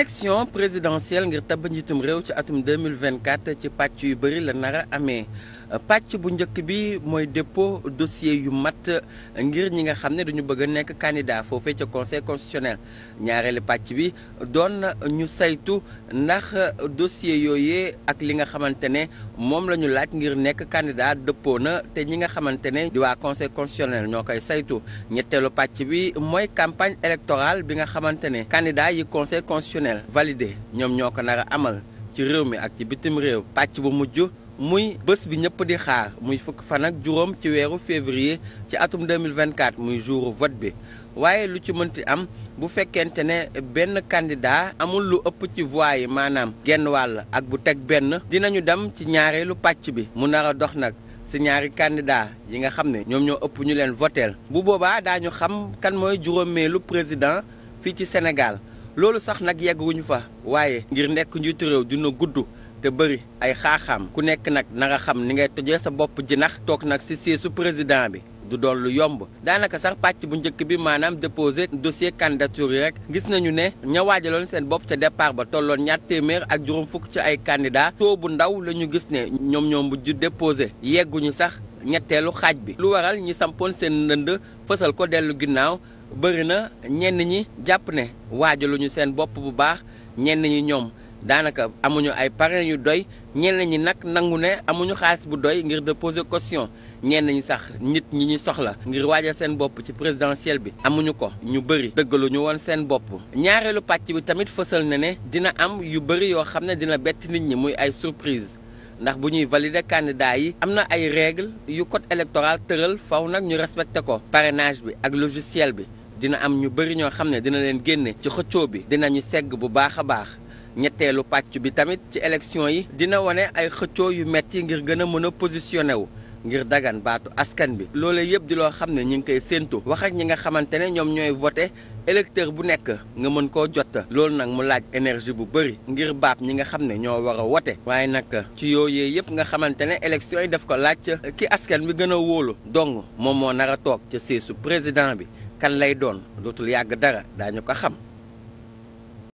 élection présidentielle ngir tabb njiitum réew ci atum 2024 ci pàcc yu bëri la nar a amee pàcc bu njëkk bi mooy dépôt dossier yu mat ngir ñi nga xam ne dañu bëgg a nekk candidat foofee ca conseil constitutionnel ñaareelu pàcc bi doon ñu saytu ndax dossier yooyee ak li nga xamante ne moom la ñu laaj ngir nekk candidat dëppoo na te ñi nga xamante ne di waa conseil constitutionnel ñoo koy saytu ñetteelu pàcc bi mooy campagne électorale bi nga xamante ne candidat yi conseil constitutionnel validé ñoom ñoo ko nar a amal ci réew mi ak ci bitim réew pàcc bu mujj muy bés bi ñëpp di xaar muy fukk fan ak juróom ci weeru février ci atum 2024 muy jouru vote bi waaye lu ci mënti am bu fekkente ne benn candidat amul lu ëpp ci voix yi maanaam genn wàll ak bu teg benn dinañu dem ci ñaareelu pàcc bi mu nar a dox nag si ñaari candidat yi nga xam ne ñoom ñoo ëpp ñu leen voteel bu boobaa daañu xam kan mooy juróomeelu président fii ci Sénégal loolu sax nag yegguñu fa waaye ngir nekk njiitu réew dina gudd te bëri ay xaaxaam ku nekk nag na nga xam ni ngay tojee sa bopp jinax toog nag si siège président bi du doon lu yomb daanaka sax pàcc bu njëkk bi maanaam déposé dossier candidature yi rek gis nañu ne ña waajaloon seen bopp ca départ ba tolloon ñaar téeméer ak juróom fukk ci ay candidat taux bu ndaw la ñu gis ne ñoom ñoom bu ju déposé yegguñu sax ñetteelu xaaj bi lu waral ñi sampoon seen ndënd fësal ko dellu ginnaaw bëri na ñenn ñi jàpp ne waajaluñu seen bopp bu baax ñenn ñi ñoom daanaka amuñu ay parrain yu doy ñenn ñi nag nangu ne amuñu xaalis bu doy ngir déposer caution ñenn ñi sax nit ñi ñu soxla ngir waajal seen bopp ci présidentielle bi amuñu ko ñu bëri dëggalu ñu woon seen bopp. ñaareelu pàcc bi tamit fësal na ne dina am yu bëri yoo xam ne dina bett nit ñi muy ay surprise ndax bu ñuy valider candidat yi am na ay règles yu kot électoral tëral faw nag ñu respecté ko parrainage bi ak logiciel bi dina am ñu bëri ñoo xam ne dina leen génne ci xëccoo bi dinañu segg bu baax a baax. ñetteelu pàcc bi tamit ci élection yi dina wane ay xëccoo yu metti ngir gën a mën a positionné wu ngir dagan baatu askan bi loole yëpp di loo xam ne ñu ngi koy séentu wax ak ñi nga xamante ne ñoom ñooy voté électeur bu nekk nga mën koo jot loolu nag mu laaj énergie bu bëri ngir baab ñi nga xam ne ñoo war a wote waaye nag ci yoo yee yëpp nga xamante ne élection yi daf ko laaj ki askan bi gën a wóolu dong moom moo nar a toog ca seesu président bi kan lay doon dootul yàgg dara ko xam